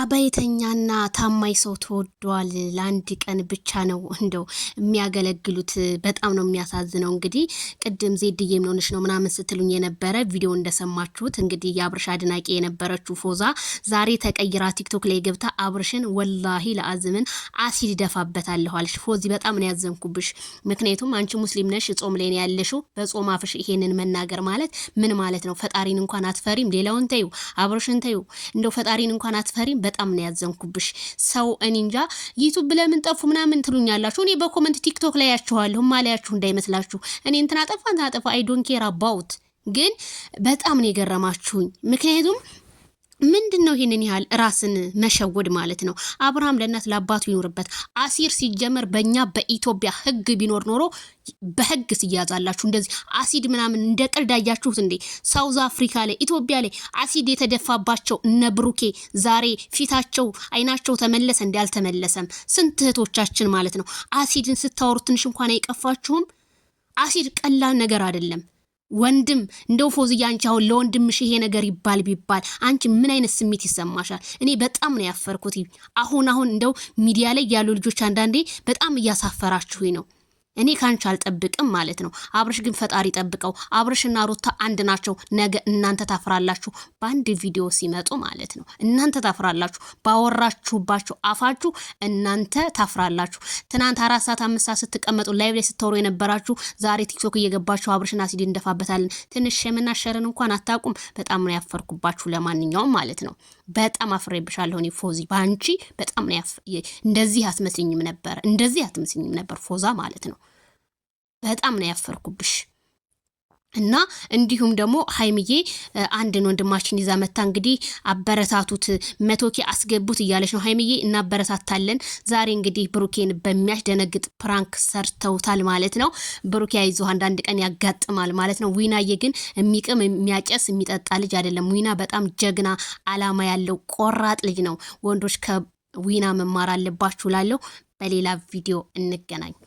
አበይተኛና ታማኝ ሰው ተወዷል። ለአንድ ቀን ብቻ ነው እንደው የሚያገለግሉት። በጣም ነው የሚያሳዝነው። እንግዲህ ቅድም ዜድዬ ምን ነው ምናምን ስትሉኝ የነበረ ቪዲዮ እንደሰማችሁት እንግዲህ የአብርሽ አድናቂ የነበረችው ፎዛ ዛሬ ተቀይራ ቲክቶክ ላይ ገብታ አብርሽን ወላሂ ለአዝምን አሲድ ደፋበታለሁ አለች። ፎዚ በጣም ነው ያዘንኩብሽ። ምክንያቱም አንቺ ሙስሊም ነሽ፣ ጾም ላይ ነው ያለሽው። በጾም አፍሽ ይሄንን መናገር ማለት ምን ማለት ነው? ፈጣሪን እንኳን አትፈሪም? ሌላውን ተዩ፣ አብርሽን ተዩ። እንደው ፈጣሪን እንኳን አትፈሪም? በጣም ነው ያዘንኩብሽ። ሰው እኔ እንጃ ዩቱብ ለምን ጠፉ ምናምን ትሉኛላችሁ። እኔ በኮመንት ቲክቶክ ላይ ያችኋለሁ። ማለያችሁ እንዳይመስላችሁ። እኔ እንትን አጠፋ እንትን አጠፋ አይ ዶንት ኬር አባውት ግን በጣም ነው የገረማችሁኝ። ምክንያቱም ምንድን ነው ይህንን ያህል ራስን መሸወድ ማለት ነው? አብርሃም ለእናት ለአባቱ ይኖርበት። አሲር ሲጀመር በእኛ በኢትዮጵያ ሕግ ቢኖር ኖሮ በሕግ ስያዛላችሁ እንደዚህ አሲድ ምናምን እንደ ቀልድ አያችሁት እንዴ? ሳውዝ አፍሪካ ላይ ኢትዮጵያ ላይ አሲድ የተደፋባቸው እነ ብሩኬ ዛሬ ፊታቸው አይናቸው ተመለሰ አልተመለሰም ስንት እህቶቻችን ማለት ነው። አሲድን ስታወሩ ትንሽ እንኳን አይቀፋችሁም? አሲድ ቀላል ነገር አይደለም። ወንድም እንደው ፎዝዬ አንቺ አሁን ለወንድምሽ ይሄ ነገር ይባል ቢባል አንቺ ምን አይነት ስሜት ይሰማሻል? እኔ በጣም ነው ያፈርኩት። አሁን አሁን እንደው ሚዲያ ላይ ያሉ ልጆች አንዳንዴ በጣም እያሳፈራችሁኝ ነው። እኔ ካንቺ አልጠብቅም ማለት ነው። አብርሽ ግን ፈጣሪ ጠብቀው። አብርሽና ሩታ አንድ ናቸው። ነገ እናንተ ታፍራላችሁ፣ በአንድ ቪዲዮ ሲመጡ ማለት ነው። እናንተ ታፍራላችሁ፣ ባወራችሁባቸው አፋችሁ እናንተ ታፍራላችሁ። ትናንት አራት ሰዓት አምስት ሰዓት ስትቀመጡ ላይቭ ላይ ስታወሩ የነበራችሁ ዛሬ ቲክቶክ እየገባችሁ አብርሽና ሲዲ እንደፋበታለን። ትንሽ ሸምና ሸርን እንኳን አታውቁም። በጣም ነው ያፈርኩባችሁ። ለማንኛውም ማለት ነው በጣም አፍሬብሻለሁ እኔ ፎዚ በአንቺ በጣም እንደዚህ አትመስኝም ነበር እንደዚህ አትመስኝም ነበር ፎዛ ማለት ነው። በጣም ነው ያፈርኩብሽ። እና እንዲሁም ደግሞ ሀይምዬ አንድን ወንድማችን ይዛ መታ እንግዲህ አበረታቱት መቶኬ አስገቡት እያለች ነው ሀይምዬ። እናበረታታለን። ዛሬ እንግዲህ ብሩኬን በሚያስደነግጥ ፕራንክ ሰርተውታል ማለት ነው። ብሩኬ አይዞ አንዳንድ ቀን ያጋጥማል ማለት ነው። ዊናዬ ግን የሚቅም የሚያጨስ የሚጠጣ ልጅ አይደለም። ዊና በጣም ጀግና አላማ ያለው ቆራጥ ልጅ ነው። ወንዶች ከዊና መማር አለባችሁ። ላለው በሌላ ቪዲዮ እንገናኝ።